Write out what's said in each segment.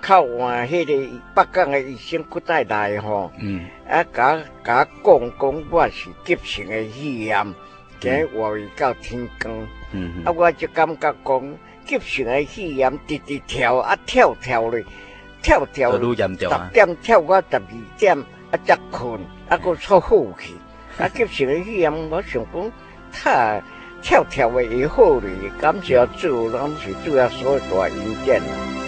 靠！換迄個北港嘅醫生過再來吼，嗯、啊！甲甲講講我是急性嘅肺炎，今日活到天光，嗯嗯啊！我就感覺講急性嘅肺炎直直跳，啊跳跳咧，跳跳，十點跳我十二點，啊才困，啊佫出好去。嗯、啊！急性嘅肺炎，我想講，他跳跳嘅也好咧，感謝主，咱是主要所以、嗯、大恩人。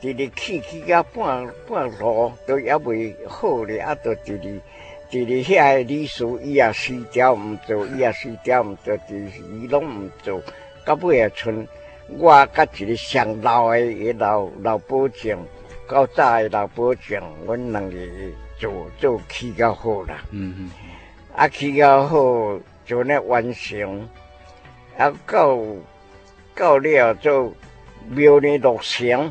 佇里去去到半半路都也袂好嘞，啊，啊！着佇裡佇裡遐的理事，伊也辭職唔做，伊也辭職唔做，佇伊攏唔做。到尾啊，剩我甲一個上老的老老伯匠，個大的老伯匠，阮兩個就就去到好啦。嗯嗯，啊，去到好就完成，啊，到到了就廟裡落香。